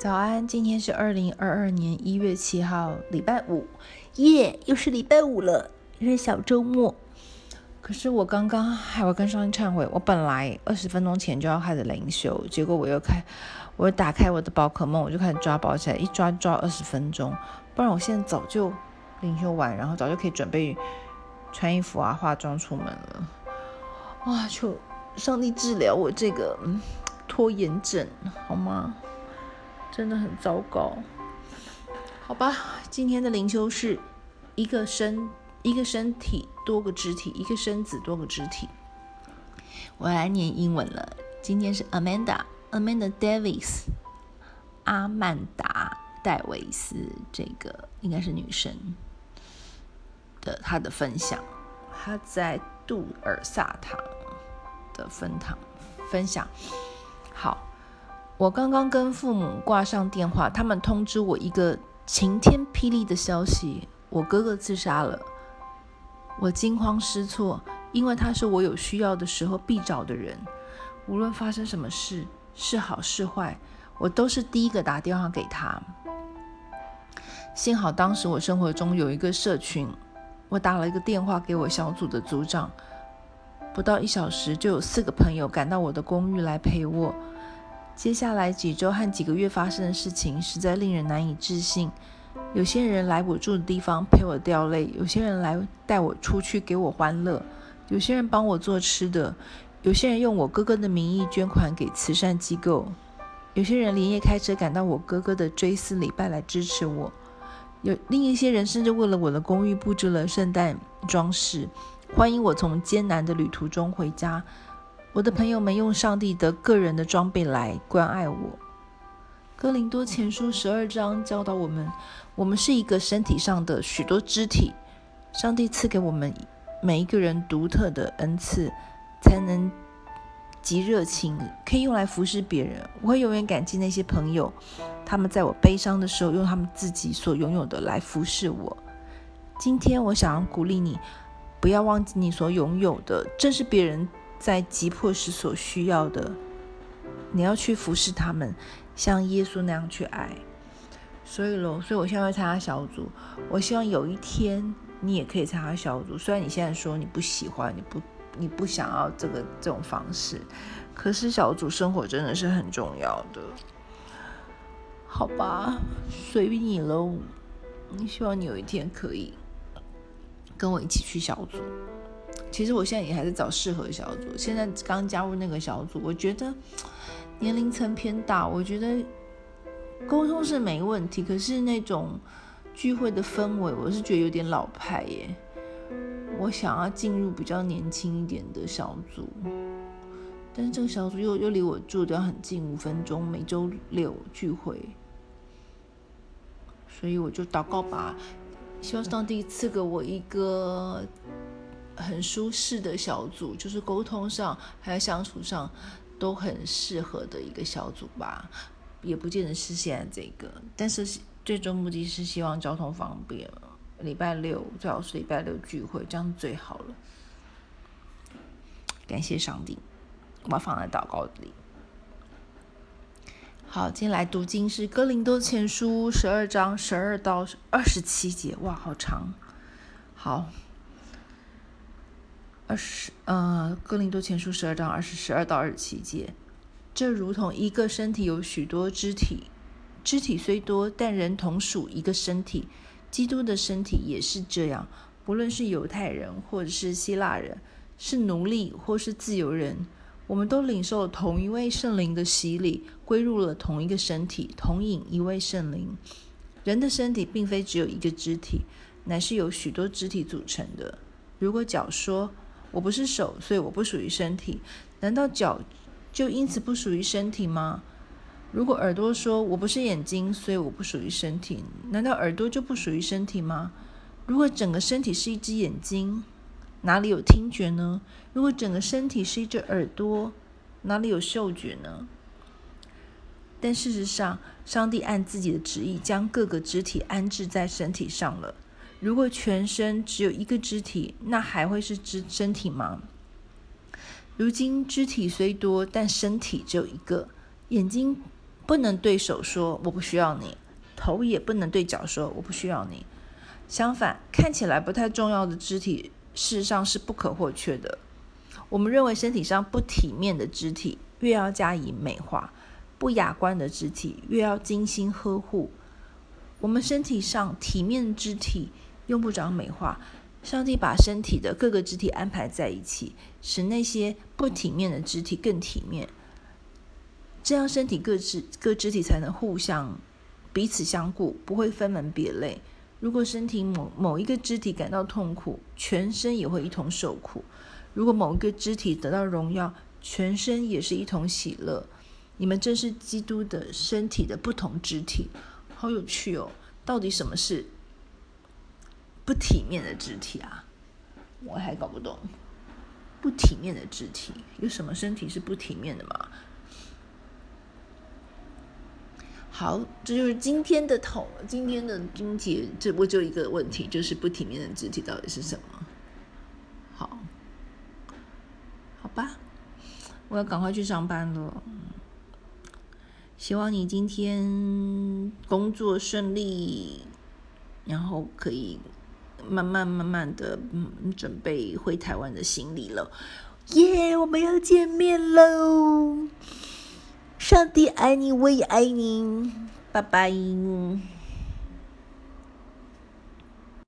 早安，今天是二零二二年一月七號，禮拜五，耶，yeah, 又是禮拜五了，又是小周末。可是我剛剛還要跟上帝懺悔，我本來二十分鐘前就要開始靈修，結果我又開，我又打開我的寶可夢，我就開始抓寶起來，一抓抓二十分鐘，不然我現在早就靈修完，然後早就可以準備穿衣服啊、化妝出門了。哇，求上帝治療我這個、嗯、拖延症，好嗎？真的很糟糕，好吧。今天的靈修是一個身一個身體，多個肢體，一個身子，多個肢體。我來念英文了。今天是 Amanda，Amanda Davis，阿曼達·戴維斯，這個應該是女生的，她的分享，她在吐爾薩堂的分堂分享。我剛剛跟父母掛上電話，他們通知我一個晴天霹靂的消息：我哥哥自殺了。我驚慌失措，因為他是我有需要的時候必找的人，無論發生什麼事，是好是壞，我都是第一個打電話給他。幸好當時我生活中有一個社群，我打了一個電話給我小組的組長，不到一小時就有四個朋友趕到我的公寓來陪我。接下來幾周和幾個月發生的事情實在令人難以置信。有些人來我住的地方陪我掉淚，有些人來帶我出去給我歡樂，有些人幫我做吃的，有些人用我哥哥的名義捐款給慈善機構，有些人連夜開車趕到我哥哥的追思禮拜來支持我，有另一些人甚至為了我的公寓佈置了聖誕裝飾，歡迎我從艱難的旅途中回家。我的朋友們用上帝的各人的裝備來關愛我。哥林多前書十二章教導我們：我們是一個身體上的許多肢體，上帝賜給我們每一個人獨特的恩賜、才能及熱情，可以用來服侍別人。我會永遠感激那些朋友，他們在我悲傷的時候用他們自己所擁有的來服侍我。今天我想要鼓勵你，不要忘記你所擁有的，正是別人在急迫時所需要的，你要去服侍他們，像耶穌那樣去愛。所以咯，所以我現在會參加小組，我希望有一天你也可以參加小組。雖然你現在說你不喜歡，你不你不想要這個這種方式，可是小組生活真的是很重要的。好吧，隨便你咯，你希望你有一天可以跟我一起去小組。其實我現在也還在找適合小組。現在剛加入那個小組，我覺得年齡層偏大。我覺得溝通是沒問題，可是那種聚會的氛圍，我是覺得有點老派耶。我想要進入比較年輕一點的小組，但是這個小組又又離我住的很近，五分鐘，每周六聚會。所以我就禱告吧，希望上帝賜給我一個。很舒適的小組，就是溝通上還有相處上都很適合的一個小組吧，也不見得是現在這個。但是最終目的是希望交通方便，禮拜六最好是禮拜六聚會，這樣最好了。感謝上帝，我把它放在禱告裡。好，今天來讀經是《哥林多前書》十二章十二到二十七節，哇，好長。好。二十，呃、嗯，哥林多前書十二章二十十二到二十七節，這如同一個身體有許多肢體，肢體雖多，但人同屬一個身體。基督的身體也是這樣，不論是猶太人或者是希臘人，是奴隸或是自由人，我們都領受同一位聖靈的洗禮，歸入了同一個身體，同飲一位聖靈。人的身體並非只有一個肢體，乃是由許多肢體組成的。如果腳說，我不是手，所以我不屬於身體。難道腳就因此不屬於身體嗎？如果耳朵說，我不是眼睛，所以我不屬於身體。難道耳朵就不屬於身體嗎？如果整個身體是一隻眼睛，哪裡有聽覺呢？如果整個身體是一隻耳朵，哪裡有嗅覺呢？但事實上，上帝按自己的旨意將各個肢體安置在身體上了。如果全身只有一個肢體，那還會是肢身體嗎？如今肢體雖多，但身體只有一個。眼睛不能對手說“我不需要你”，頭也不能對腳說“我不需要你”。相反，看起來不太重要的肢體，事實上是不可或缺的。我們認為身體上不體面的肢體，越要加以美化；不雅觀的肢體，越要精心呵護。我們身體上體面的肢體。用不着美化，上帝把身體的各個肢體安排在一起，使那些不體面的肢體更體面。這樣，身體各肢各肢體才能互相彼此相顧，不會分門別類。如果身體某某一個肢體感到痛苦，全身也會一同受苦；如果某一個肢體得到榮耀，全身也是一同喜樂。你們正是基督的身體的不同肢體，好有趣哦！到底什麼事？不體面的肢體啊，我還搞不懂。不體面的肢體有什麼身體是不體面的嗎？好，這就是今天的頭，今天的糾結。這我就一個問題，就是不體面的肢體到底是什麼？好，好吧，我要趕快去上班了。希望你今天工作順利，然後可以。慢慢慢慢的，嗯，準備回台灣的行李了耶，yeah, 我們要見面嘍！上帝愛你，我也愛你，拜拜。